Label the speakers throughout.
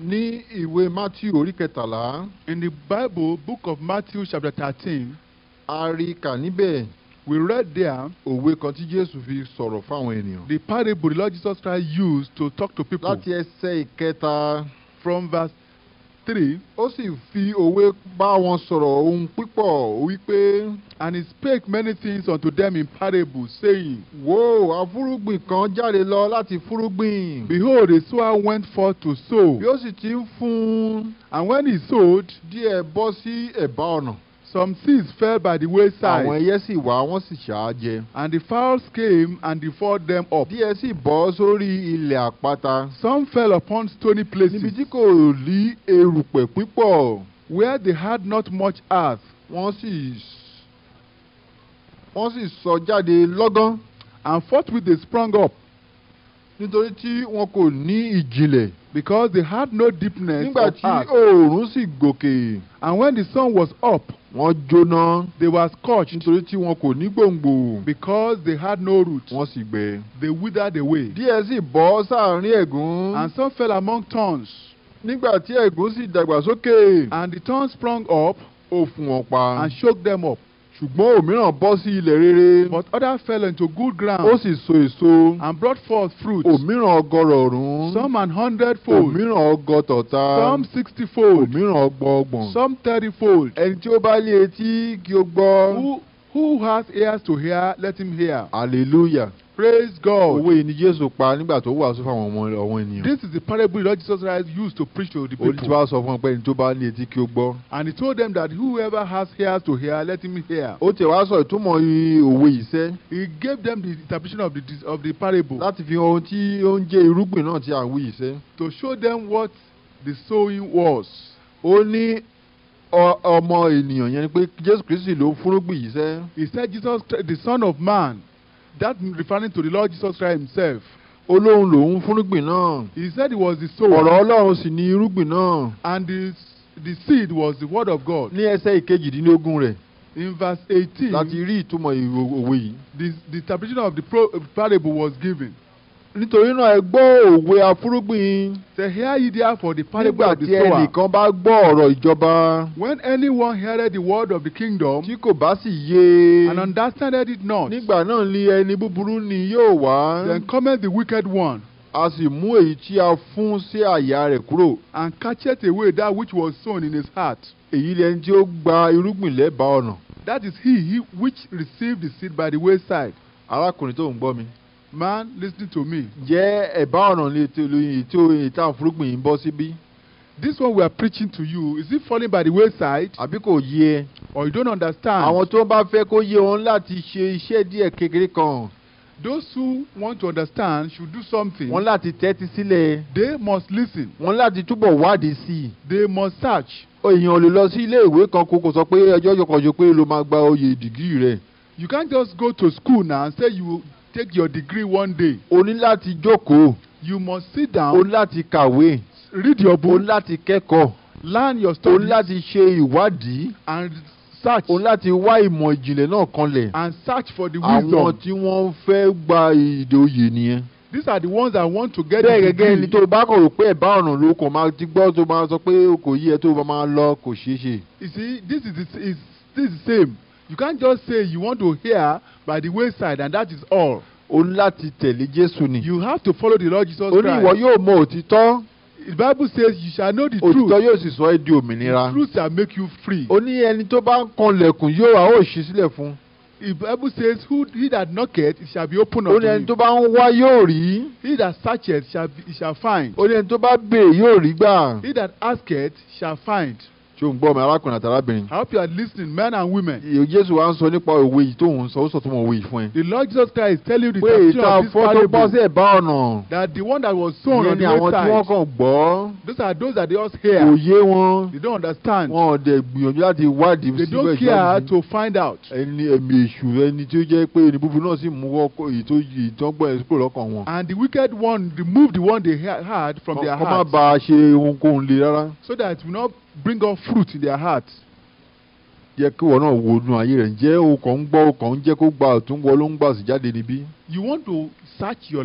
Speaker 1: ní ìwé matthew orí kẹtàlá. in the bible book of matthew chapter thirteen. a rí kà níbẹ̀. we read there. òwe kan tí jésù fi sọ̀rọ̀ fáwọn ènìyàn. the parable the lord jesus christ used to talk to people. láti ẹsẹ̀ ìkẹta. from verse three ó sì fi òwe bá wọn sọ̀rọ̀ ohun pípọ̀ wípé and he spake many things unto them in parables saying wo afúrúgbìn kan jáde lọ láti fúrúgbìn behold a sower went forth to sow bí ó sì ti ń fún un and when he sowed díẹ̀ bọ́ sí ẹ̀bá ọ̀nà. Some seeds fell by the wayside. Àwọn ẹyẹ sì wá wọ́n sì ṣá And the fowls came and devoured them up. Díẹ̀ sì bọ́ sórí ilẹ̀ àpáta. Some fell upon stony places. Níbi tí kò rí erùpẹ̀ pípọ̀. Where they had not much earth. Wọ́n sì wọ́n sì sọ jáde lọ́gán. And fought with they sprung up. Nítorí tí wọn kò ní ìjìnlẹ̀. Because they had no deepness of earth. Nígbà tí oòrùn sì gòkè. And when the sun was up wọ́n jóná. they were scorched nítorí tí wọn kò ní gbòǹgbò. because they had no root. wọ́n sì gbẹ. they withered away. díẹ̀ sì bọ́ sáàrin ẹ̀gún. and some fell among thorns. nígbà tí ẹ̀gún sì dàgbà and the thorns sprung up. ó fún wọn pa. and shook them up ṣùgbọ́n òmíràn bọ́ sí ilẹ̀ rere. but other fell into good ground. ó sì so èso. and brought forth fruit. òmíràn ọgọ́rọ̀ ọ̀rún. some an hundred fold. òmíràn ọgọ́tọ̀ta. some sixty fold. òmíràn ọgbọ̀ọgbọ̀n. some thirty fold. ẹni tí ó bá lé etí kí ó gbọ́. who who has ears to hear let him hear. hallelujah. Praise God. Òwe yìí ni Jésù pa nígbà tó wàásù fún àwọn ọmọ ènìyàn. This is the parable that Jesus Christ used to preach to the people. Olùtúbà sọ fún ọpẹ́ ní tó ní etí kí ó gbọ́. And he told them that whoever has ears to hear let him hear. Ó tẹ̀ wá sọ ìtumọ̀ òwe yìí sẹ́. He gave them the interpretation of the of the parable. Láti fi ohun tí ó ń jẹ́ irúgbìn náà tí a yìí sẹ́. To show them what the sowing was. Ó ní ọmọ ènìyàn yẹn ni pé Jésù Kristi ló ń yìí sẹ́. He said Jesus the son of man. that referring to the Lord Jesus Christ himself. Olóhùn lòun fúnrúgbìn náà. He said it was the soul. Ọ̀rọ̀ Ọlọ́run sì ni irúgbìn náà. And the the seed was the word of God. Ní ẹsẹ̀ ìkejìdínlógún rẹ̀. In verse eighteen. Láti rí ìtumọ̀ òwe yìí. The the interpretation of the parable was given. nítorí náà ẹ gbọ́ òwe afúrúgbìn. say hear ye for the parable of the sower. nígbà tí ẹnìkan bá gbọ́ ọ̀rọ̀ ìjọba. when anyone heard the word of the kingdom. tí kò bá sì yé. and understood it not. nígbà náà ni ẹni búburú ni yóò wá. then comment the wicked one. a sì mú èyí tí a fún sí àyà rẹ̀ kúrò. and catcheth away that which was sown in his heart. èyí lẹni tí ó gba irúgbìn lẹ́bàá ọ̀nà. that is he, he which received the seed by the wayside. arákùnrin tó ń gbọ́ mi man listening to me. jẹ́ ẹ̀bá ọ̀ràn lè tó lóyún tí oyin ìta òfurufin ń bọ́ síbí. this one we are preaching to you is it falling by the wayside. àbí kò yé or you don't understand. àwọn tó bá fẹ́ kó yé wọn láti ṣe iṣẹ́ díẹ̀ kékeré kan. Those who want to understand should do something. Wọ́n láti tẹ́tí sílẹ̀. They must listen. Wọ́n láti túbọ̀ wádìí sí i. They must search. Èèyàn ò lè lọ sí ilé ìwé kan kó kó sọ pé ẹjọ́ yọkànjọ pé ló máa gba oyè dìgírì rẹ̀. You can't just go to school now and say you take your degree one day. o ní láti jókòó. you must sit down. o ní láti kàwé. read your book. o ní láti kẹ́kọ̀ọ́. learn your studies. o ní láti ṣe ìwádìí. and search. o ní láti wá ìmọ̀ ìjìnlẹ̀ náà kanlẹ̀. and search for the wisdom. àwọn tí wọ́n fẹ́ gba ìdè oyè nìyẹn. these are the ones that want to get the degree. bẹ́ẹ̀ gẹ́gẹ́ ni tó o bá kàn rò pé ẹ̀bá ọ̀nà ló kàn máa ti gbọ́ tó máa sọ pé kò yí ẹ tó o máa lọ kò ṣeé ṣe. you see this is the same you can't just say you want to hear by the wayside and that is all. o ní láti tẹ̀lé Jésù ni. you have to follow the Lord Jesus Christ. ó ní ìwọ yóò mọ òtítọ́. The Bible says you shall know the truth. Òtítọ́ yóò sì sọ ẹ́ di òmìnira. The truth shall make you free. Ó ní ẹni tó bá ń kanlẹ̀kùn yóò wá ó ṣí sílẹ̀ fún. The Bible says who he that knocketh it shall be opened unto him. Ó ní ẹni tó bá ń wá yóò rí. He that searcheth shall, shall find. Ó ní ẹni tó bá béè yóò rí gbà. He that asketh shall find. o ń gbọ́ arákùnrin àti arábìnrin. I hope you are listening men and women. Ìyè Jésù wa ń sọ nípa òwe yìí tó ń sọ ó sọ tó mọ òwe yìí fún ẹ. The Lord Jesus Christ tell you the truth. of this parable. Pé ìta fọ́tò bọ́ sí ẹ̀bá ọ̀nà. That the one that was sown on the roadside. Ìyẹn ni àwọn tí wọ́n kàn gbọ́. Those are those that they just hear. Kò wọn. They don't understand. Wọn ò dẹ̀ gbìyànjú láti wádìí. They don't care to find out. Ẹni ẹ̀mí èṣù ẹni tí ó jẹ́ pé ẹni búburú náà sì mú ìtọ́gbọ́n ẹ̀ And the wicked one removed the one they had from their hearts. So that we not bring up fruit in their heart yẹ kí wọn náà wo inú ayé rẹ ǹjẹ́ o kàn ń gbọ́ o kàn ń jẹ́ kó gba ọ̀tún wọ ló ń gbà sí jáde níbí. you want to search your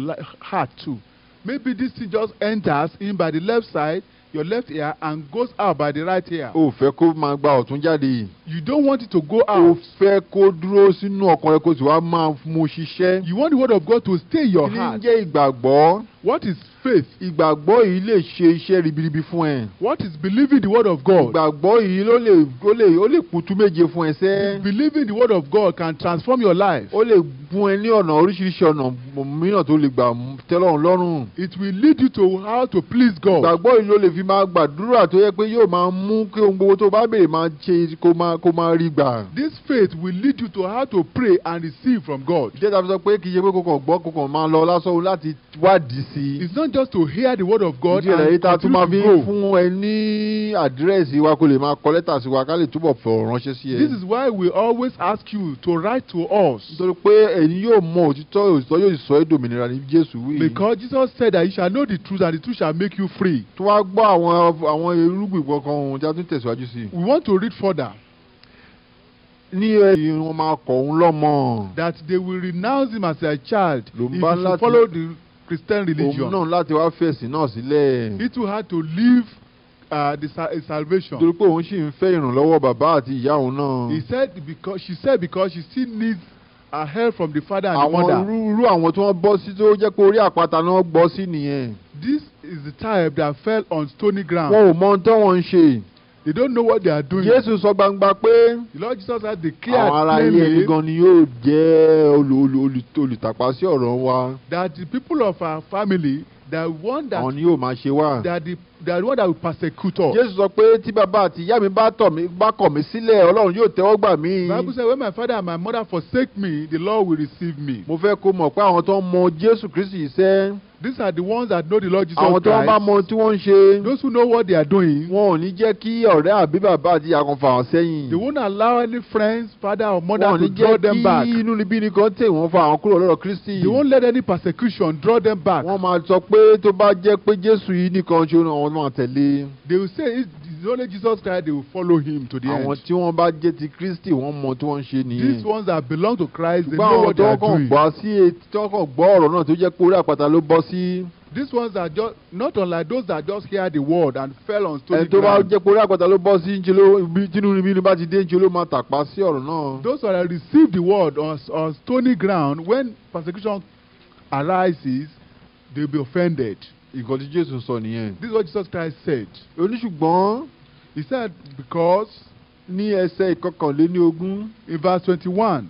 Speaker 1: heart too maybe this thing just enters in by the left side your left ear and goes out by the right ear. o fẹ́ kó máa gba ọ̀tún jáde yìí. you don't want it to go out. o fẹ́ kó dúró sínú ọkàn rẹ kó sì wá máa mú ṣiṣẹ́. you want the word of God to stay in your heart. kí ni jẹ́ ìgbàgbọ́. what is faith. Ìgbàgbọ́ yìí lè ṣe iṣẹ́ ribiribi fún ẹ. What is believing the word of God? Ìgbàgbọ́ yìí ló lè ó lè ó lè kutu méje fún ẹ sẹ́. Believing the word of God can transform your life. Ó lè fún ẹ ní ọ̀nà oríṣiríṣi ọ̀nà mìíràn tó lè gbà tẹ́lọ̀run lọ́rùn. It will lead you to how to please God. Ìgbàgbọ́ yìí ló lè fi máa gbàdúrà tó yẹ pé yóò máa mú kí ohun gbogbo tó bá béèrè máa ṣe kó máa kó máa rí gbà. This faith will lead you to how to pray and receive from God. Ìjẹ́ta fi sọ pé kì í ṣe pé kò kàn gbọ́ kò kàn máa lọ lásán láti wádìí sí i. It's not us to hear the word of God and continue to grow. fún àdírẹ́sì wa kó lè máa kọ lẹ́tà sí wa ká lè túbọ̀ fọ̀ ránṣẹ́ sí ẹ. this is why we always ask you to write to us. nítorí pé yóò mọ òtítọ́ òtítọ́ yóò sọ ẹ́ dòmìnira ní Jésù wí. because Jesus said that you shall know the truth and the truth shall make you free. tó wá gbọ́ àwọn àwọn irúgbìn kankan ohun tí a tún tẹ̀síwájú sí. we want to read further ní ẹ̀yìn wọn máa kọ̀ ọ́n lọ́mọ. that they will renounce him as a child if you follow the Christian religion. òun náà láti wá fẹ̀sìn náà sílẹ̀. he too had to leave uh, the sal salvation. torí pé òun sì ń fẹ́ ìrànlọ́wọ́ bàbá àti ìyá òun náà. he said because she said because she still needs her uh, help from the father and àwọn the mother. àwọn irú àwọn tí wọ́n bọ́ sí tó jẹ́ pé orí àpáta náà gbọ́ sí nìyẹn. this is the type that fell on stony ground. wọn ò mọ ohun tí wọ́n ń ṣe. they don't know what they are doing. Jésù sọ gbangba pé. the Lord Jesus had declared plainly. àwọn ará ilé ẹni gan ni yóò jẹ́ olùtàpá sí ọ̀rọ̀ wa. that the people of our family that wonder àwọn ni yóò máa ṣe wá. that the they the one that will persecute us. Jésù sọ pé tí bàbá àti ìyá mi bá tọ̀ mí bá kọ̀ mí sílẹ̀ Ọlọ́run yóò tẹ́wọ́ gbà mí. Bible says when my father and my mother forsake me the Lord will receive me. Mo fẹ́ kó mọ̀ pé àwọn tó ń mọ Jésù Kristi yìí sẹ́. These are the ones that know the Lord Jesus Christ. Àwọn tí wọ́n bá mọ tí wọ́n ń ṣe. Those who know what they are doing. Wọn ò ní jẹ́ kí ọ̀rẹ́ àbí bàbá àti ìyá kan fà sẹ́yìn. They won't allow any friends, father or mother to draw them back. Wọn ò ní jẹ́ kí inú níbí nìkan tẹ̀ wọ́n Kristi. They won't let any persecution draw them back. Wọ́n máa sọ pé tó bá jẹ́ pé Jésù yìí nìkan ṣe àwọn máa tẹ̀lé. they will say it is only Jesus Christ they will follow him to the end. àwọn tí wọ́n bá jẹ́ ti Kristi wọ́n mọ tí wọ́n ṣe nìyẹn. these ones that belong to Christ they know what they are doing. ṣùgbọ́n àwọn tó gbọ́ sí etí gbọ́ ọ̀rọ̀ náà tó jẹ́ pé orí àpáta ló bọ́ sí. these ones are just not unlike those that just hear the word and fell on stony ground. ẹni tó bá jẹ́ pé orí àpáta ló bọ́ sí tínú ibi ni bá ti dé jùlọ máa tàpá sí ọ̀rọ̀ náà. those that receive the word on, on stony ground when persecution arises they will be offended ìkan tí Jésù sọ nìyẹn. this is what Jesus Christ said. oníṣùgbọ́n. he said because. ní ẹsẹ̀ ìkọkànléníogún. in verse twenty-one.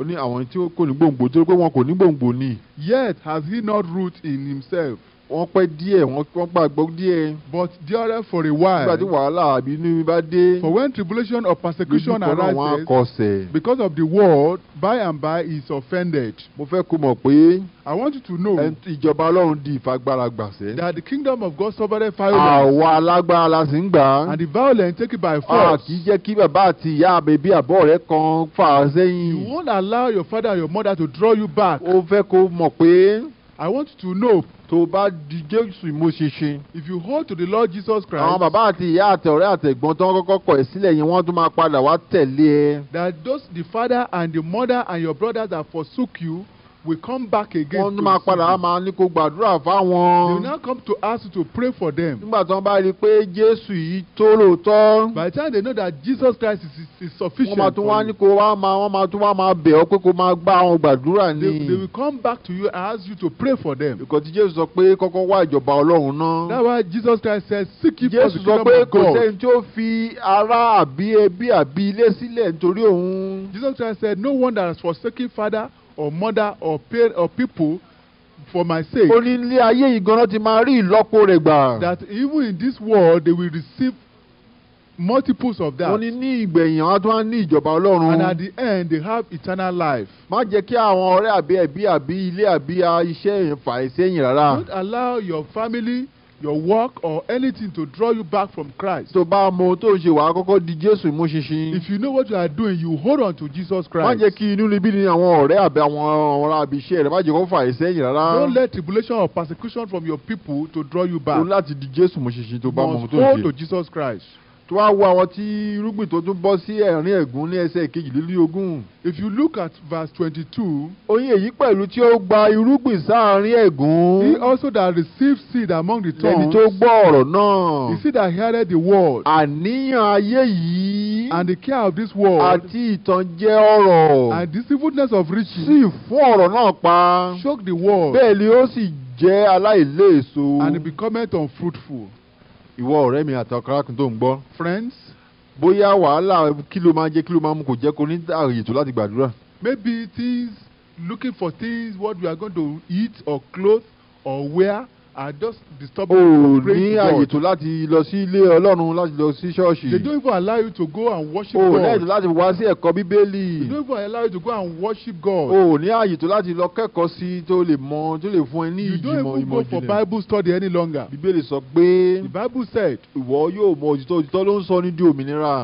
Speaker 1: ó ní àwọn tí kò ní gbòǹgbò tó pé wọn kò ní gbòǹgbò ni. yet has he not root in himself. wọ́n pẹ́ díẹ̀ wọ́n gbàgbọ́ díẹ̀. but there for a while. nígbà tí wàhálà mi bá dé. for when tribulation or persecution arises. wọn because of the world by and by he is offended. mo fẹ́ kó mọ̀ pé. I want you to know. ìjọba ọlọ́run di ìfagbára gbàṣẹ. that the kingdom of God suffered violence. àwa alágbára la sì ń gbà. and the violence take it by force. a kì í jẹ́ kí bàbá àti ìyá àbọ̀ rẹ kan fà á sẹ́yìn. you won't allow your father and your mother to draw you back. ó fẹ́ kó mọ̀ pé. I want to know. Tó bá di Jésù ìmúṣinṣin. If you hold to the Lord Jesus Christ. Àwọn bàbá àti ìyá àti ọ̀rẹ́ àti ẹ̀gbọ́n tó ń kọ́kọ́ kọ̀ ẹ́ sílẹ̀ yẹn wọ́n tún máa padà wá tẹ̀lé ẹ. That those the father and the mother and your brothers that forsook you We come back again. wọ́n máa padà máa ní kó gbàdúrà fáwọn. they will now come to ask you to pray for them. nígbà tí wọ́n bá rí i pé Jésù yìí tó lóòótọ́. by the time they know that Jesus Christ is, is, is sufficient. wọ́n máa tún wá ní kó wá máa wọ́n máa tún wá máa bẹ̀ ọ́ pé kó máa gbà àwọn gbàdúrà ni. They, they will come back to you and ask you to pray for them. because Jésù sọ pé kọ́kọ́ wá ìjọba Ọlọ́run náà. that's why Jesus Christ said seek ye first the kingdom of God. Jésù sọ pé kò sẹ́ni tí ó fi ara àbí ẹbí àbí ilé sílẹ̀ nítorí òun. Jesus Christ said no one that has forsaken father or mother or parent or people for my sake. ó ní ilé ayé yìí ti máa rí ìlọ́po rẹ̀ gbà. that even in this world they will receive multiples of that. wọ́n ní ní ìgbẹ̀yìn àwọn tó wá ní ìjọba ọlọ́run. and at the end they have eternal life. má jẹ́ kí àwọn ọ̀rẹ́ àbí ẹbí àbí ilé àbí iṣẹ́ ìfà ẹ̀sẹ̀ rárá. don't allow your family your work or anything to draw you back from Christ. tó bá mọ tó ṣe kọ́kọ́ di Jésù if you know what you are doing you hold on to Jesus Christ. má jẹ́ kí inú ibi ni àwọn ọ̀rẹ́ àbí àwọn ọ̀rẹ́ àbí iṣẹ́ rẹ̀ má jẹ́ kó sẹ́yìn rárá. don't let tribulation or persecution from your people to draw you back. o láti di Jésù tó bá mọ tó hold to Jesus Christ tó wá tí irúgbìn tó tún bọ́ sí ẹ̀rín ẹ̀gún ní ẹsẹ̀ if you look at verse twenty-two. oyin èyí pẹ̀lú tí ó gba irúgbìn sáàrin ẹ̀gún. he also that received seed among the thorns. lẹni tó gbọ́ ọ̀rọ̀ náà. he said that heard the word. àníyàn ayé and the care of this world. àti ìtànjẹ ọrọ̀. and deceitfulness of riches. sì fún ọ̀rọ̀ náà pa. shock the world. bẹ́ẹ̀ ni ó sì jẹ́ aláìléèso. and become unfruitful. ìwọ ọ̀rẹ́ mi àti ọ̀karakùn tó ń gbọ́ friends bóyá wàhálà kí ló máa jẹ́ kí ló máa mú kò jẹ́ kó ní ààyè tó láti gbàdúrà. maybe things looking for things what we are going to eat or clothes or wear are just disturbing oh, you from praying to God. they don't even allow you to go and worship oh, God. they don't even allow you to go and worship God. o you don't even go for bible study any longer. the bible said.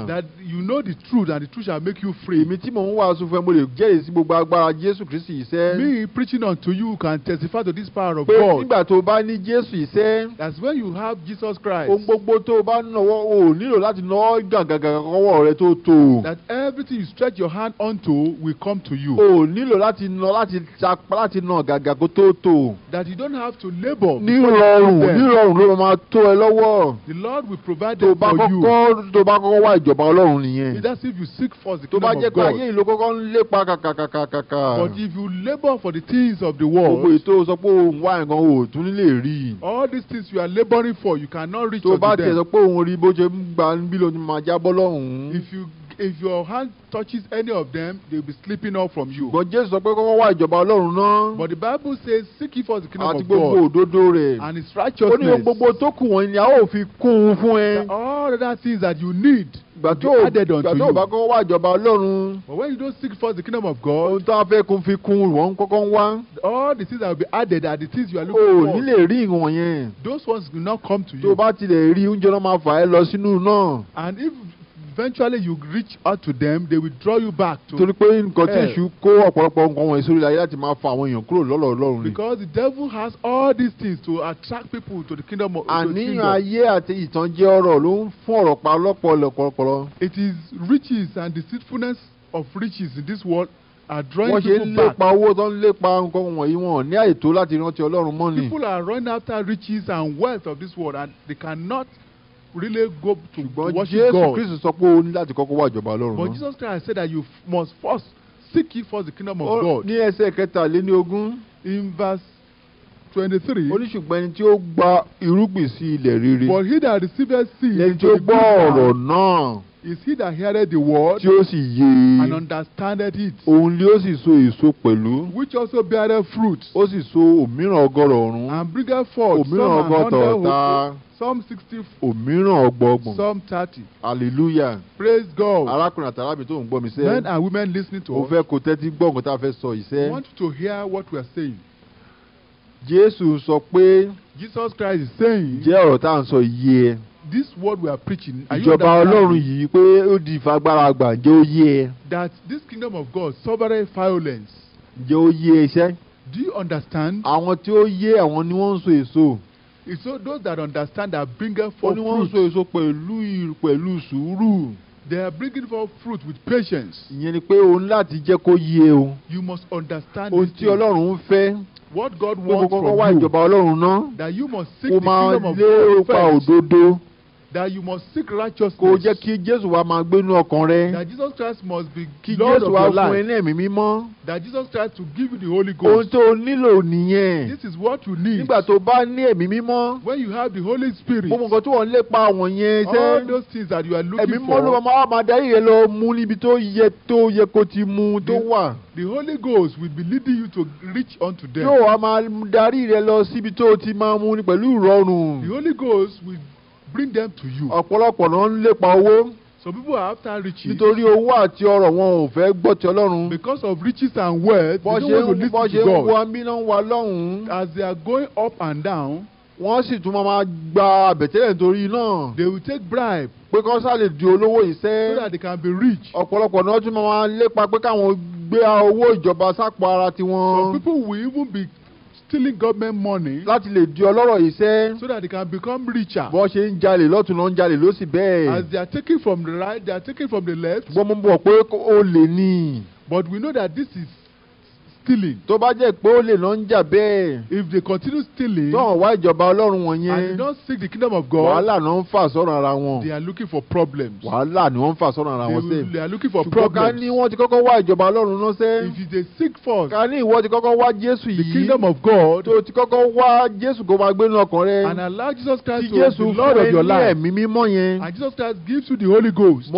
Speaker 1: that you know the truth and the truth shall make you free. me preaching unto you can testify to this power of God. Jésù yìí sẹ́. that's when you have Jesus Christ. ohun gbogbo tó o bá nọwọ́ o nílò láti nọwọ́ gàgàgàgà rẹ tó tó. that everything you stretch your hand onto will come to you. o nílò láti nọ láti sapá láti nà gàgà tó tó. that you don't have to labour. nírọ̀rùn nírọ̀rùn ló máa tó ẹ lọ́wọ́. the Lord will provide them for you. tó bá kọ́kọ́ wá ìjọba Ọlọ́run nìyẹn. it's as if you seek first the kingdom of God. tó bá jẹ́ pé ìlú kọ́kọ́ ń lépa kàkàkàkàkà. but if you labour for the things of the world. gbogbo ètò sọ pé òun wá nǹkan òòtún nílé rí rí. all these things you are laboring for you cannot reach unto them. tó bá tẹ̀ pé òun rí bó gba níbí ló máa jábọ́ lọ́hùn-ún. if you if your hand touches any of them they will be slipping off from you. ṣùgbọ́n Jésù sọ pé kọ́kọ́ wá ìjọba Ọlọ́run náà. but the Bible says seek ye first the kingdom of God. àti gbogbo òdodo rẹ̀. and his righteousness. ó ní gbogbo tó kù wọ̀nyí ni a ó fi kún un fún ẹ. all the other things that you need gbàtó gbàtó bá kọ́ wá ìjọba ọlọ́run. but when you don't seek first the kingdom of God. ohun tó a fẹ́ kun fi kun wọ́n kọ́kọ́ ń wá. all the things that will be added are the things you are looking oh, for. o nílè rí ìwọ̀n yẹn. those ones will not come to you. tó o bá tilẹ̀ rí oúnjẹ náà máa fà ẹ́ lọ sínú náà. and if eventually you reach out to them they will draw you back to. torí pé nǹkan tí èṣù kó ọ̀pọ̀lọpọ̀ nǹkan wọ̀nyí sórí ayé láti máa fa àwọn èèyàn kúrò lọ́lọ́ ọlọ́run ni. because the devil has all these things to attract people to the kingdom of àníyàn ayé àti ìtànjẹ ọrọ̀ ló ń fún ọ̀rọ̀ pa ọlọ́pọ̀lọpọ̀. it is riches and deceitfulness of riches in this world are drawing people back. wọ́n ṣe ń lépa owó tó ń lépa nǹkan wọ̀nyí wọn ní àìtó láti rántí ọlọ́run mọ́ people are running after riches and wealth of this world and they cannot really go to But worship Jesus God. ṣùgbọ́n Jésù sọ pé o ní láti kọ́kọ́ wá ìjọba Ọlọ́run But Jesus Christ said that you must first seek ye first the kingdom of oh, God. ní ẹsẹ̀ kẹtàléní ogún. in verse twenty-three. ó ẹni tí ó gba irúgbìn sí ilẹ̀ rere. but he that received seed. lẹ́ni tí ó gbọ́ ọ̀rọ̀ náà. is he that heareth the word. tí ó sì yé. and understandeth it. òun ni ó sì so èso pẹ̀lú. which also beareth fruit. ó sì so òmíràn ọgọ́rọ̀ ọ̀run. and bringeth forth some an hundred ọ̀tá. some sixty. òmíràn ọgbọọgbọ̀n. some thirty. hallelujah. praise God. arákùnrin àti arábìnrin tó ń gbọ́ mi sẹ́. men and women listening to us. mo fẹ́ kó tẹ́tí gbọ́ nǹkan tá a fẹ́ sọ yìí sẹ́. want to hear what we are saying. Jésù sọ pé. Jesus Christ is saying. Jẹ́ ọ̀rọ̀ tá à ń sọ yìí ẹ. This word we are preaching. Are you understanding? Ìjọba Ọlọ́run yìí pé ó di ìfagbára àgbà ǹjẹ́ ó yé ẹ. That this kingdom of God sovereign violence. Ǹjẹ́ ó yé iṣẹ́? Do you understand? Àwọn tí ó yé àwọn ni wọ́n ń so èso. It's so those that understand are bringing forth fruit. wọ́n ń so èso pẹ̀lú pẹ̀lú sùúrù. They are bringing forth fruit with patience. Ìyẹn ni pé òun láti jẹ́ kó yé e o. You must understand this thing. Ohun tí Ọlọ́run ń fẹ́ what God wants from you. gbogbo kọ́kọ́ wá ìjọba Ọlọ́run náà. that you must seek the kingdom of God first. kó máa lé ipa òdodo that you must seek righteousness. kò jẹ́ kí jésù wa máa gbénú ọkàn rẹ. that Jesus Christ must be kí Lord of your life. kí wa fún ẹni ẹ̀mí mímọ́. that Jesus Christ to give you the Holy Ghost. ohun tó o nílò nìyẹn. this is what you need. nígbà tó o bá ní ẹ̀mí mímọ́. when you have the Holy Spirit. gbogbo nǹkan tí wọ́n ń lépa àwọn yẹn. all those things that you are looking for. ẹ̀mí mímọ́ ló máa máa darí rẹ lọ mú níbi tó yẹ tó yẹ kó ti mú tó wà. the Holy Ghost will be leading you to reach unto them. yóò wá máa darí rẹ lọ síbi tó o ti máa mú pẹ̀lú ìrọ̀rùn. the Holy Ghost will bring them to you. ọ̀pọ̀lọpọ̀ náà ń lépa owó. some people are after riches. nítorí owó àti ọrọ̀ wọn ò fẹ́ gbọ́ ti Ọlọ́run. because of riches and wealth. bó ṣe ń bó ṣe ń wá mílíọ̀nù wa lọ́hùn-ún. as they are going up and down. wọ́n sì tún máa gba àbẹ̀tẹ́lẹ̀ nítorí náà. they will take bribe. pé kọ́ sá lè di olówó iṣẹ́. so that they can be rich. ọ̀pọ̀lọpọ̀ náà tún máa lépa pé káwọn gbé owó ìjọba sápò ara tiwọn. some people will even be stealing government money. láti lè di ọlọ́rọ̀ yìí sẹ́. so that they can become richer. bọ́ ṣe ń jalè lọ́tún náà ń jalè lọ́sì bẹ́ẹ̀. as they are taking from the right they are taking from the left. ṣùgbọ́n bọ̀ pé ó lè ní. but we know that this is stealing. tó bá jẹ́ pé ó lè lọ ń jà bẹ́ẹ̀. if they continue stealing. tó wá ìjọba ọlọ́run wọn and they don't seek the kingdom of God. wàhálà ni wọ́n ń fà sọ́run ara wọn. they are looking for problems. wàhálà ni wọ́n ń fà sọ́run ara wọn sẹ́ẹ̀. they are looking for problems. ṣùgbọ́n ká ní wọ́n ti kọ́kọ́ wá ìjọba ọlọ́run náà sẹ́. if they seek for ká ní ìwọ ti kọ́kọ́ wá Jésù yìí. the kingdom of God. tó ti kọ́kọ́ wá Jésù kó máa gbé nínú ọkàn rẹ. and allow Jesus Christ to be the Lord of your life. and Jesus Christ gives you the Holy Ghost.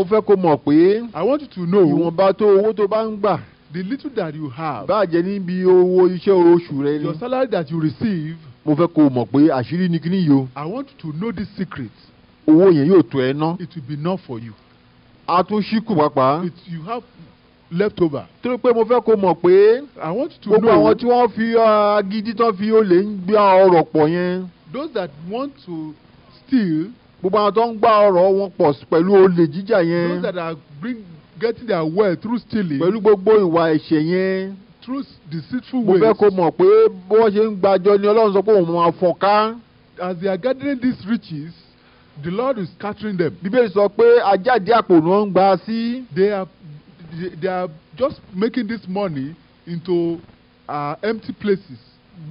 Speaker 1: I want you to know the little that you have. bá a jẹ níbi owó iṣẹ́ oṣù rẹ ni. your salary that you receive. mo fẹ́ kó o mọ̀ pé àṣírí ni kíní yìí o. I want to know this secret. owó yẹn yóò tó ẹ ná. it will be enough for you. a tún ṣí kù pàápàá. it you have left over. torí pé mo fẹ́ kó mọ̀ pé. I want to know. gbogbo àwọn tí wọ́n fi uh, agídí tán fi olè ń gbé ọrọ̀ pọ̀ yẹn. those that want to steal. gbogbo àwọn tó ń gbá ọrọ̀ wọn pọ̀ pẹ̀lú olè jíjà yẹn. those that are bring getting their wealth through stealing. pẹ̀lú gbogbo ìwà ẹ̀ṣẹ̀ yẹn. through deceitful ways. mo fẹ́ kó mọ̀ pé bí wọ́n ṣe ń gbàjọ ni ọlọ́run sọ pé òun máa fọ́n as they are gathering these riches the lord is scattering them. bíbélì sọ pé ajáde àpò ni wọ́n ń gbà sí. they are they are just making this money into uh, empty places.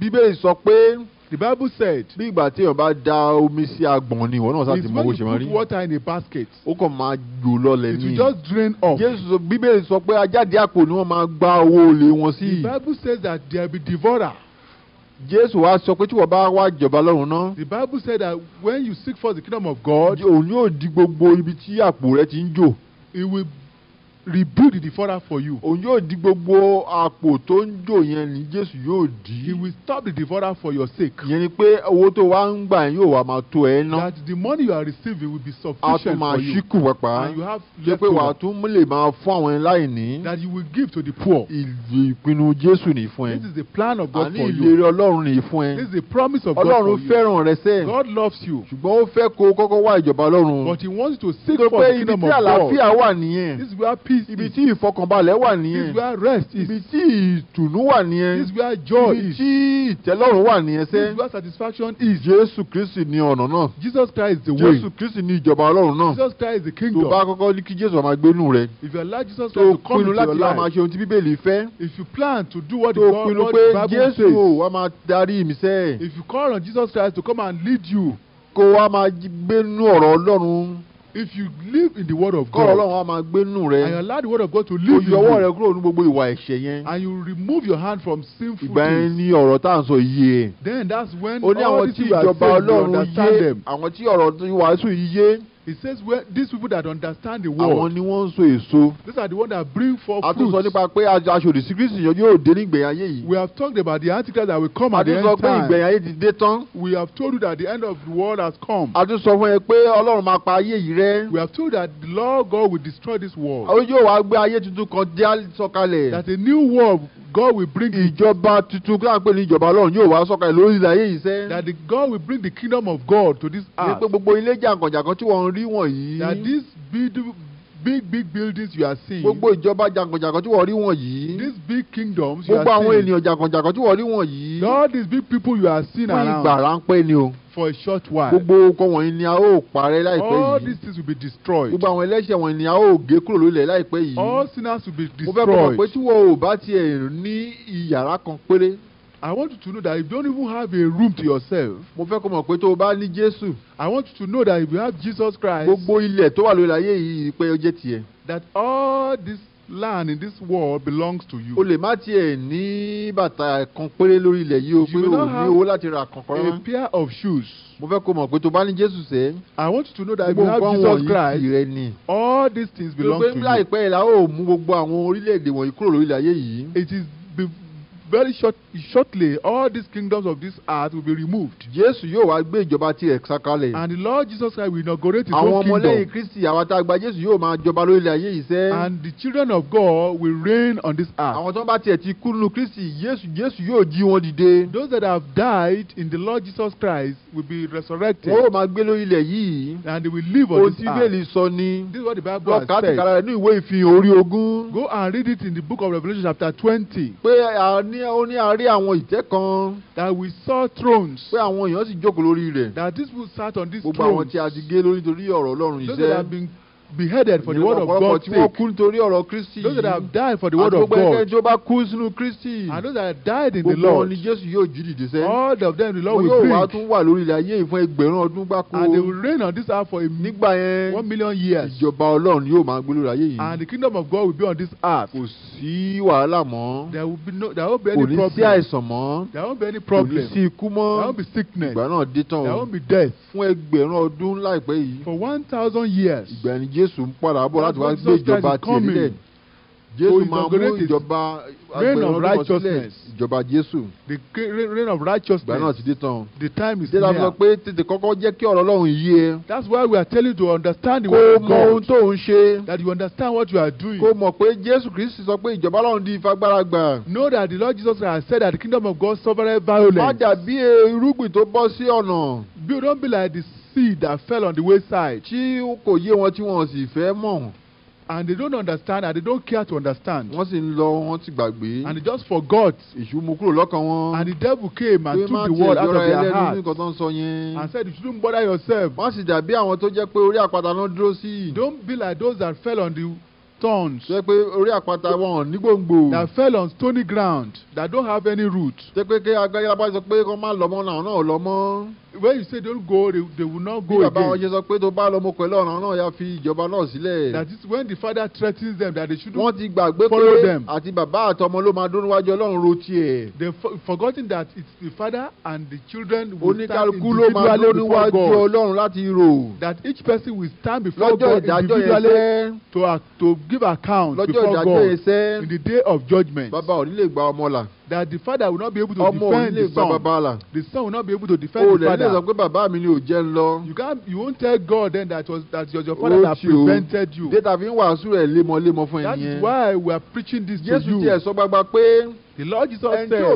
Speaker 1: bíbélì sọ pé the bible said. bí ìgbà tí èèyàn bá da omi sí agbọ̀n ni ìwọ náà sá ti mọ bó ṣe máa rí. it's when you put water in a basket. ó kàn máa jò lọlẹ̀ ni. it will just drain off. Jésù bíbélì sọ pé ajáde àpò ni wọ́n máa gba owó olè wọn sí. the bible says that there be devourer. Jésù wá sọ pé tí wọ́n bá wá jọba lọ́run náà. The Bible said that when you seek for the kingdom of God. Òun yóò di gbogbo ibi tí àpò rẹ ti ń jò. It will rebuild the furrow for you. òun yóò di gbogbo àpò tó ń jò yẹn ni jésù yóò di. he will stop the devourer for your sake. ìyẹn ni pé owó tó wá ń gbà yóò wá máa tó ẹ ná. that the money you are receiving will be sufficient for you. a tún máa ṣíkù pàpà. and you have left over. ṣé pé wàá tún lè máa fún àwọn aláìní. that you will give to the poor. ìpinnu jésù ní fún ẹ. this is the plan of God for you. àní ìlérí ọlọ́run ní fún ẹ. this is the promise of God for you. ọlọ́run fẹ́ràn rẹ sẹ́. God loves you. ṣùgbọ́n ó fẹ́ kó kọ́kọ́ wá ìjọba ọlọ́run. but he wants to seek for the kingdom of God peace mm-hmm. is. ibi tí ìfọkànbalẹ̀ wà nìyẹn. this where rest is. ibi tí ìtùnú wà nìyẹn. where joy is. ibi tí ìtẹ́lọ́rùn wà nìyẹn sẹ́. where satisfaction is. Jésù Kristi ni ọ̀nà náà. Jesus Christ is the way. Jésù Kristi ni ìjọba Ọlọ́run náà. Jesus Christ is the kingdom. tó bá kọ́kọ́ ní kí Jésù máa gbénú rẹ. if you allow Jesus Christ to come into your life. tó pinnu láti máa ṣe ohun tí Bíbélì fẹ́. if you plan to do what the Bible says. tó pinnu pé Jésù wàá máa darí mi sẹ́. if you call on Jesus Christ to come and lead you. kó wàá máa gbénú ọ̀rọ̀ Ọlọ́run. if you live in the word of God. kọ́ and allow the word of God to live in you. and you remove your hand from sinful things. then that's when all the things are understand them. He says well, these people that understand the word. Àwọn ni wọ́n ń so èso. These are the ones that bring forth fruit. A nípa pé aṣòdì sí Kristi yẹn yóò dé ní ìgbẹ̀yìn ayé yìí. We have talked about the article that will come at the end time. A sọ pé ìgbẹ̀yìn ayé ti dé tán. We have told you that the end of the world has come. A sọ fún ẹ pé Ọlọ́run máa pa ayé yìí rẹ́. We have told that the Lord God will destroy this world. Ó yóò wá gbé ayé tuntun kan dé sọ̀kalẹ̀. That a new world God will bring. Ìjọba tuntun kí wọ́n pè ní ìjọba Ọlọ́run yóò wá sọ̀kalẹ̀ lórí ilẹ̀ ayé yìí sẹ́. That the God will bring the kingdom of God to this earth. Ní pé gbogbo ilé jàǹkànjàǹkàn tí wọ́n ń rí wọ̀nyí. that these big, big big buildings you are seeing. gbogbo ìjọba jàǹkànjàǹkàn tí wọ́n rí wọ̀nyí. these big kingdoms you are seeing. gbogbo àwọn ènìyàn jàǹkànjàǹkàn tí wọ́n rí wọ̀nyí. all these big people you are seeing around. fún ìgbà ráńpẹ́ ni o. for a short while. gbogbo nǹkan wọ̀nyí ni a ó parẹ́ láìpẹ́ yìí. all these things will be destroyed. gbogbo àwọn ẹlẹ́ṣẹ̀ wọ̀nyí ni a ó gé kúrò lórílẹ̀ láìpẹ́ yìí. all sinners will be destroyed. mo fẹ́ kọ́ pé tí wọ́n ò bá tiẹ̀ ní iyàrá kan péré. I want you to know that if you don't even have a room to yourself. Mo fẹ́ kó mọ̀ pé tó o bá ní Jésù. I want you to know that if you have Jesus Christ. Gbogbo ilẹ̀ tó wà lórí ayé yìí pé ó tiẹ̀. That all this land in this world belongs to you. o lè má tiẹ̀ ní bàtà kan péré lórí ilẹ̀ yìí o pé o ní owó láti
Speaker 2: ra kankan a
Speaker 1: pair of shoes. mo fẹ́ kó mọ̀ pé tó bá ní Jésù sẹ́. I want you to know that if you have Jesus Christ. ìrẹ ni. all these things belong to you. gbogbo láìpẹ́ ìlà ó mú gbogbo àwọn orílẹ̀-èdè wọ̀nyí kúrò lórí ilẹ̀ ayé yìí. it is be very short, shortly all these kingdoms of this earth will be removed. Jésù yóò wá gbé ìjọba tirẹ̀ kalẹ̀. And the Lord Jesus Christ will inaugurate his own kingdom. Àwọn ọmọlẹ́yìn Kristi àwọn tá a gba Jésù yóò máa jọba lórí ilẹ̀ ayé yìí sẹ́. And the children of God will reign on this earth. Àwọn tó bá tiẹ̀ ti kú nínú Kristi Jésù Jésù yóò jí wọn dìde. Those that have died in the Lord Jesus Christ will be resurrected. Wọ́n yóò máa gbé lórí ilẹ̀ yìí. And they will live on this earth. Òtíbèlì sọ ni. This is what the Bible has said. Lọ́ọ̀ká kàrà rẹ̀ ní ìwé ìfihàn orí ogún. Go and read it in the book of Revelation chapter twenty. Pé àwọn ní ó ní àárí àwọn ìtẹ́ kan. that we saw thrones. pé àwọn èèyàn sì jókòó lórí rẹ̀. that these will sat on these thrones. gbogbo àwọn tí a ti gé lórí torí ọ̀rọ̀ Ọlọ́run yìí sẹ́. those that have been beheaded for the word of God sake. those that have died for the word of God. and those that have died in the Lord. all of them the Lord will bring. wọ́n yóò and they will reign on this earth for a one million years. and the kingdom of God will be on this earth. there will be no there won't be any problem. there won't be any problem. there won't be sickness. there won't be death. for one thousand years jésù ń padà bọ̀ láti wá gbé ìjọba tiẹ̀ nílẹ̀ jésù máa mú ìjọba agbẹ̀rún sílẹ̀ ìjọba jésù. the reign of righteousness. ìgbà náà ti dé tán. the time is near. sọ pé tètè kọ́kọ́ jẹ́ kí ọ̀rọ̀ Ọlọ́run yé ẹ. that's why we are telling you to understand the word kó mọ ohun tó ń ṣe. that you understand what you are doing. kó mọ̀ pé jésù kristi sọ pé ìjọba Ọlọ́run di ìfagbára gbà. know that the Lord Jesus Christ said that the kingdom of God suffered violence. má dàbí irúgbìn tó bọ́ sí ọ̀nà. you don't be like this seed that fell on the wayside. tí kò yé wọn tí wọn sì fẹ́ mọ̀. and they don't understand and they don't care to understand. wọ́n sì ń lọ wọ́n ti gbàgbé. and they just forgot. èṣù mú kúrò lọ́kàn wọn. and the devil came and took the word out of their heart. pé ti ẹ̀jọ́ ẹlẹ́nu nǹkan tó ń sọ yẹn. and said you shouldn't bother yourself. wọ́n sì dàbí àwọn tó jẹ́ pé orí àpáta náà dúró sí. don't be like those that fell on the thorns. ṣe pé orí àpáta wọn ní gbòǹgbò. that fell on stony ground that don't have any root. ṣe pé kí agbẹ́yẹ́lá bá sọ pé kọ́ máa lọ náà náà lọ when you say don't go they, they will not go again. bí bàbá ṣe sọ pé tó bá lọ pẹ̀lú ọ̀nà náà yà fi ìjọba náà sílẹ̀. that is when the father threatens them that they shouldn't follow them. wọ́n ti gbàgbé pé àti bàbá àtọmọ ló máa dúró níwájú ọlọ́run ro tiẹ̀. they forgotten that it's the father and the children will stand individually before God. oníkálukú ló máa dúró níwájú ọlọ́run láti rò. that each person will stand before God individually to, uh, to give give account before God in the day of judgment. That the father will not be able to defend the son. The son will not be able to defend oh, the father. You can't you won't tell God then that was that was your father oh, that prevented you. That's why we are preaching this Jesus to you. The Lord Jesus and said. That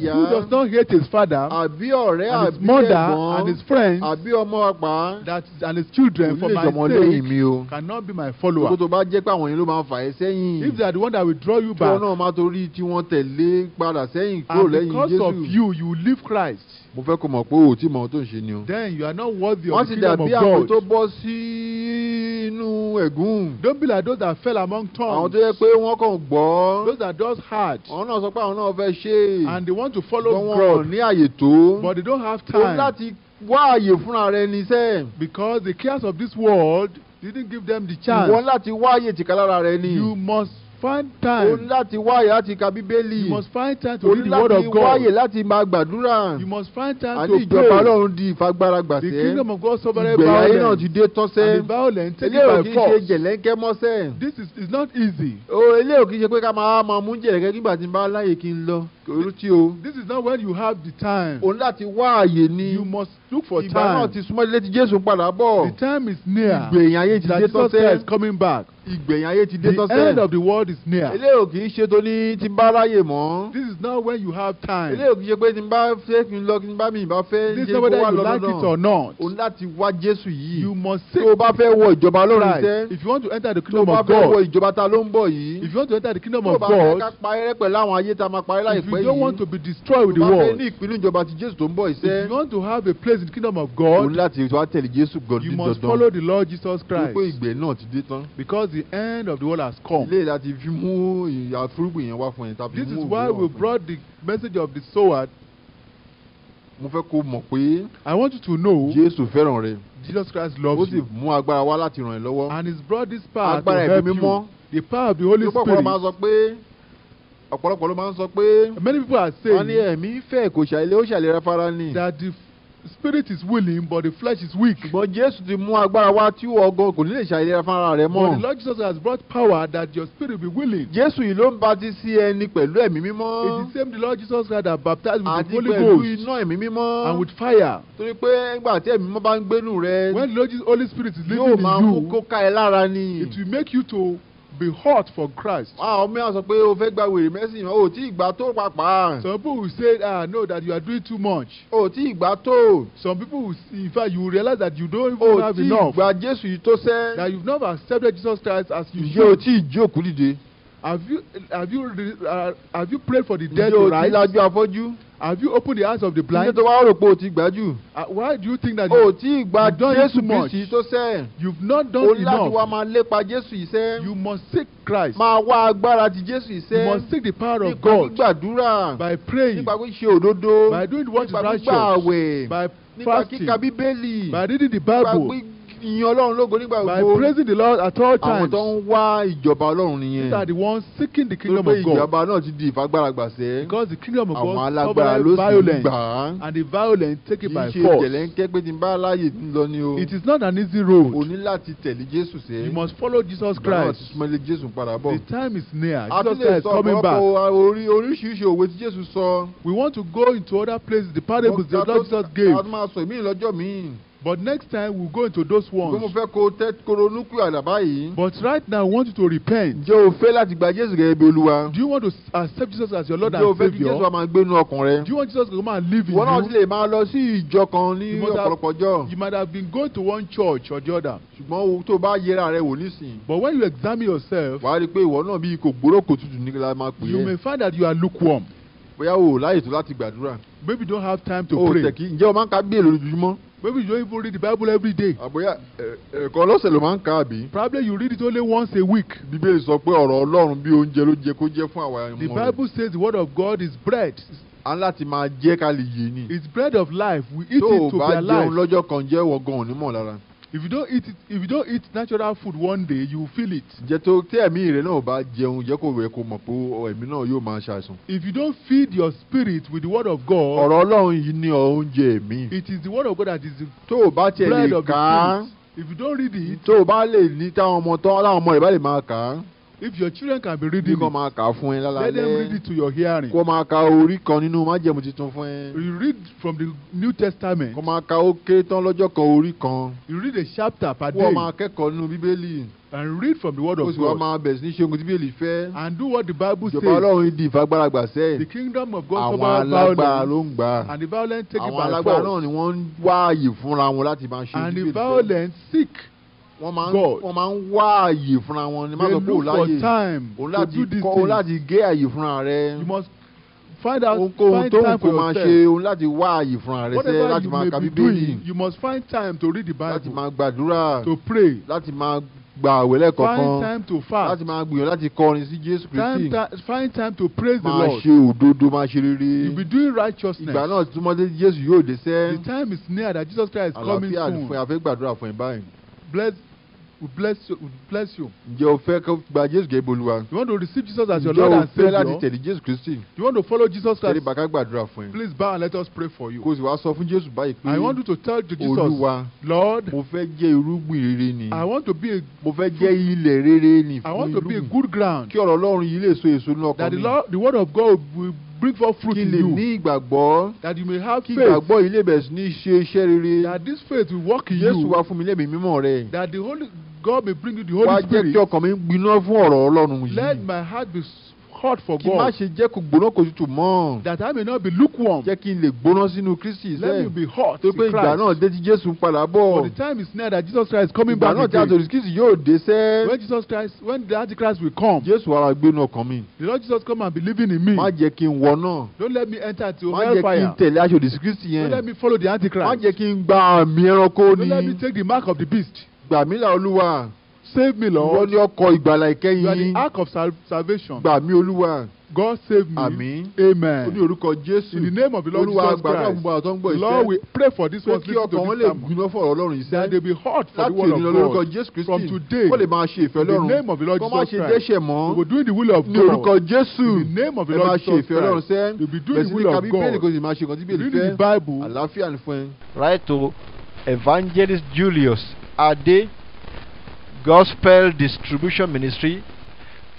Speaker 1: who does not hate his father. And his mother and his friends. That and his children for my sake. Cannot be my follower. If they are the one that will draw you back. And because of you, you leave Christ. mo fẹ́ kó mọ̀ pé òòtí mọ̀ tó ń ṣe ni o. then you are not worthy of the kingdom of God. wọ́n ti dàbí àwọn tó bọ́ sí inú ẹ̀gún. don't be like those that fell among thorns. àwọn tó yẹ pé wọ́n kàn gbọ́. those that just heard. àwọn náà sọ pé àwọn náà fẹ́ ṣe. and they want to follow God. wọ́n ní àyè tó. but they don't have time. o láti wá àyè fúnra rẹ ní sẹ́. because the cares of this world didn't give them the chance. ìwọ láti wá àyè tìkálára rẹ ni. you must find time. o ní láti wáyè láti ka bíbélì. you must find time to read the word of God. o ní láti wáyè láti máa gbàdúrà. you must find time to pray. àní ìjọba ọlọ́run di ìfagbára the kingdom of God suffered violence. ìgbéyàwó náà ti dé tọ́sẹ́. and the violence take it by force. eléyìí ṣe jẹ̀lẹ́ńkẹ́ mọ́sẹ̀. this is is not easy. o eléyìí ṣe pé ká máa máa mú jẹ̀lẹ́ńkẹ́ nígbà tí n bá láyè kí n lọ. orúkí o. this is not when you have the time. o ní láti wáyè ni. you must look for time. ìgbà ti súnmọ́ ilé tí Jésù padà bọ̀. the time is near. ìgbẹ̀yìn ayé ti dé tọ́sẹ́. that Jesus Christ coming back. ìgbẹ̀yìn ayé ti dé tọ́sẹ́. the end of the world is near. eléyìí kì í ṣe tó ní tí n bá ráyè mọ́. this is not when you have time. eléyìí kì í ṣe pé tí n bá fẹ́ kí n lọ kí n bá mi ìbá fẹ́. this is whether you like it or not. o ní láti wá Jésù yìí. you must say. tó bá fẹ́ wọ ìjọba Ọlọ́run iṣẹ́. if you want to enter the kingdom of God. tó bá fẹ́ wọ ìjọba ta ló ń bọ̀ yìí. if you want to enter the kingdom of God. tó bá fẹ́ ká parẹ́ pẹ̀lú àwọn ayé tá a máa parẹ́ láìpẹ́ yìí. if you don't want to be destroyed with the world. tó bá fẹ́ ní ìpínlẹ̀ ìjọba ti Jésù tó ń bọ̀ iṣẹ́. if you want to have a place in the kingdom of God. o ní láti wá tẹ̀lé Jésù gọ̀dí dandan. you must follow the Lord Jesus Christ. wípé ìgbẹ́ náà ti dé tán. because the end of the world has come. ilé ìlà fi mú àfúrúgbìn yẹn wá fún yẹn tàbí mú òwúrọ̀ fún yẹn. this is why we brought the message of the sower. mo fẹ́ kó mọ̀ pé. I want you to know. Jésù fẹ́ràn rẹ. Jesus Christ loves you. ó sì mú agbára wá láti ràn ẹ́ lọ́wọ́. and he brought this power to help you. agbára ẹ̀mí mọ́. the power of the Holy Spirit. ìpọ́pọ̀ máa sọ pé ọ̀pọ̀lọpọ̀ ló máa ń sọ pé. many people are saying. wọ́n ní ẹ̀mí fẹ́ kò ṣàlẹ́ ó ṣàlẹ́ rẹ fara ní. that the spirit is willing but the flesh is weak. But Jésù ti mú agbára wá tí ọgọ́ kò ní lè ṣàìlera fún ara rẹ mọ́. but the Lord Jesus has brought power that your spirit be willing. Jésù yìí ló ń baptize sí ẹni pẹ̀lú ẹ̀mí mímọ́. it the same the Lord Jesus Christ that baptized with the Holy Ghost. àti pẹ̀lú iná ẹ̀mí mímọ́. and with fire. torí pé nígbà tí ẹ̀mí mímọ́ bá ń gbénu rẹ. when the Lord Jesus Holy Spirit is living in you. yóò máa mú kó ká ẹ lára ni. it will make you to be hot for Christ. Some people who said, ah know that you are doing too much. Some people will see, in fact you will realize that you don't even have enough. O tí ìgbà tó say That you have never accepted Jesus Christ as you should. Have you have you uh, have you prayed for the dead to rise? you? have you opened the eyes of the blind. nítorí wàá rò pé o ti gbà jù. Uh, why do you think that. o ti gbà jésù kristi tó sẹ́. you've not done enough. o láti wá máa lépa jésù yìí you must seek Christ. máa wá agbára ti jésù yìí you must seek the power of God. nípa gbígbàdúrà. by praying. nípa ṣe òdodo. by doing what is righteous. nípa gbígbà àwẹ̀. by fasting. nípa kíka bíbélì. by reading the Bible. nípa gbígbà yin ọlọ́run lógo nígbà gbogbo. by praising the lord at all times. àwọn tó ń wá ìjọba ọlọ́run nìyẹn. these are the ones seeking the kingdom of God. tó pé ìjọba náà ti di ìfagbára because the kingdom of God àwọn alágbára violence and the violence take it by force. kì í ṣe jẹ̀lẹ́ńkẹ́ pé ti ń bá láàyè lọ ni o. it is not an easy road. o ní láti tẹ̀lé Jésù sẹ́. you must follow Jesus Christ. ìgbà náà ti súnmọ́ ilé Jésù padà bọ̀. the time is near. Jesus Christ is coming back. a ti lè sọ oríṣiríṣi òwe tí Jésù sọ. we want to go into other places the parables the Lord Jesus gave but next time we go into those ones. gbogbo fẹ́ kó tẹ́ koronú kú àdàbà yìí. but right now I want you to repent. ǹjẹ́ o fẹ́ láti gba Jésù gẹ́gẹ́ bí Olúwa. do you want to accept Jesus as your Lord and Saviour. ǹjẹ́ o fẹ́ kí Jésù máa gbénu ọkàn rẹ. do you want Jesus to come and live in you. wọ́n náà ti lè máa lọ sí ìjọ kan ní ọ̀pọ̀lọpọ̀ jọ. you might have been going to one church or the other. ṣùgbọ́n tó bá yẹra rẹ wò nísìn. but when you examine yourself. wàá rí i pé ìwọ náà bí kò gbóró you may find that you are lukewarm. bóyá o ò láyè tó láti gbàdúrà. maybe you don't have time to pray. o tẹ̀ kí ǹjẹ́ o máa ń ka bí èlò lójoojúmọ́ maybe you don't even read the bible every day. àbóyá ẹ̀ẹ̀kan lọ́sẹ̀ ló máa ń kà àbí. probably you read it only once a week. bíbélì sọ pé ọ̀rọ̀ ọlọ́run bí oúnjẹ ló jẹ kó jẹ́ fún àwa ẹ̀mọ́ rẹ̀. the bible says the word of God is bread. a ní láti máa jẹ́ ká lè yé ni. it's bread of life we eat so, it to be alive. tó o bá jẹun lọ́jọ́ kan jẹ́ wọ̀gán òní mọ̀ lára if you don't eat it if you don't eat natural food one day you feel it. jẹ́ tó tí ẹ̀mí rẹ̀ náà bá jẹun jẹ́ kó wẹ̀ kó mọ̀ pé ẹ̀mí náà yóò máa ṣàìsàn. if you don't feed your spirit with the word of God. ọ̀rọ̀ Ọlọ́run yìí ni oúnjẹ mi. it is the word of God that is the bread of the spirit. tó o bá tiẹ̀ lè kà á. if you don't read it. tó o bá lè ní táwọn ọmọ tán láwọn ọmọ rẹ̀ bá lè máa kà á if your children can be reading it. bí kò máa kà á fún ẹ lálẹ́. let them read it to your hearing. kò máa ka orí kan nínú májẹ̀mú tuntun fún ẹ. you read from the new testament. kò máa ka ó kéré tán lọ́jọ́ kan orí kan. you read a chapter per day. wọ́n máa kẹ́kọ̀ọ́ nínú bíbélì. and read from the word of God. oṣù wa máa bẹ̀rẹ̀ sí ní ṣe ohun tí bíbélì fẹ́. and do what the bible says. ìjọba ọlọ́run di ìfagbára gbà sẹ́. the kingdom of God fọ́ bá alágbára ló ń gbà. and the violent take it the force. àwọn alágbára náà ni wọ́n ń wá àyè fúnra wọn láti máa ṣe bíbélì fẹ́. and the violent seek wọ́n máa ń wọ́n máa ń wá àyè fúnra wọn ni find out ohunkóhun tó ń kò máa you must find time to read the bible to pray find time to fast láti máa find time to praise the Lord You'll be doing righteousness the time is near that Jesus Christ is coming soon bless will bless you will bless you. ǹjẹ́ o fẹ́ kó gba Jésù gẹ́gẹ́ bí Olúwa. you want to receive Jesus as your Lord and Savior. ǹjẹ́ o fẹ́ láti tẹ̀lé Jésù Kristi. you want to follow Jesus Christ. tẹ̀lé bàkà gbàdúrà fún yín. please bow and let us pray for you. kò sì wá sọ fún Jésù báyìí pé. I want you to tell to Jesus. Olúwa Lord. mo fẹ́ jẹ́ irúgbìn rere ni. I want to be a. mo fẹ́ jẹ́ ilẹ̀ rere ni. I want to be a good ground. kí ọ̀rọ̀ Ọlọ́run yìí lè so èso ní ọkàn mi. that the word of God will bring forth fruit in you. kí lè ní ìgbàgbọ́. that you may have faith. kí ìgbàgbọ́ yìí lè bẹ̀rẹ̀ sí ní ṣe iṣẹ́ rere. that this faith will work in you. Jésù wá fún mi lẹ́mìí mímọ́ rẹ̀. that the holy God may bring you the Holy Spirit. wá jẹ́ kí ọkàn mi gbiná fún ọ̀rọ̀ Ọlọ́run yìí. let my heart be hot for God. kí má ṣe jẹ́ kó gbóná kó tutù mọ́. that I may not be lukewarm. jẹ́ kí n lè gbóná sínú Kristi sẹ́ẹ̀. let me be hot to Christ. tó pé ìgbà náà dé tí Jésù padà bọ̀. for the time is near that Jesus Christ is coming back again. ìgbà náà tí àtòrí Kristi yóò dé sẹ́ẹ̀. when Jesus Christ when the Antichrist will come. Jésù ara gbénu ọkàn mi. the Lord Jesus come and believe in me. má jẹ́ kí n wọ náà. don't let me enter to hellfire. má jẹ́ kí n tẹ̀lé aṣòdì sí Kristi yẹn. don't let me follow the Antichrist. má jẹ́ kí n gba àmì ẹranko ni. don't let me take the mark of the beast gbà mí là olúwa. save me lord. ìwọ ni ọkọ̀ ìgbàlà ìkẹyìn. you are the ark of sal salvation. gbà mí olúwa. God save me. Àmín. Amen. Ó ní orúkọ Jésù. In the name of the Lord Jesus Christ. Olúwa àgbàdo àwọn ọmọ àtọ́ ń gbọ́ ìṣe. Lord we pray for this one. Pé kí ọkàn wọn lè gbiná fọ̀rọ̀ Ọlọ́run yìí sẹ́. That they be hot for the word of God. Láti ìrìnà lórúkọ Jésù Kristi. From today. Wọ́n lè máa ṣe ìfẹ́ Ọlọ́run. In the name of the Lord Jesus Christ. Kọ́ máa ṣe dẹ́ṣẹ̀ mọ́. We will do the will of God. Ní orúkọ Jésù. In the name of the Lord Jesus Christ. Ẹ máa ṣe ìfẹ́ Ọlọ́run sẹ́. We will do the will of God. Bẹ́sìnì kàbí bẹ́ẹ̀ni kò
Speaker 2: sì máa ṣe Ade Gospel Distribution Ministry.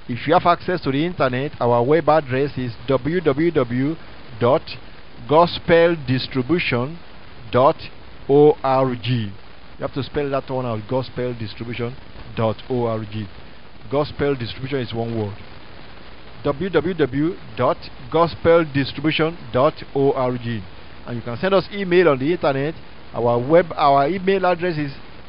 Speaker 2: If you have access to the internet, our web address is www.gospeldistribution.org. You have to spell that one out gospeldistribution.org. Gospel distribution is one word www.gospeldistribution.org and you can send us email on the internet our web our email address is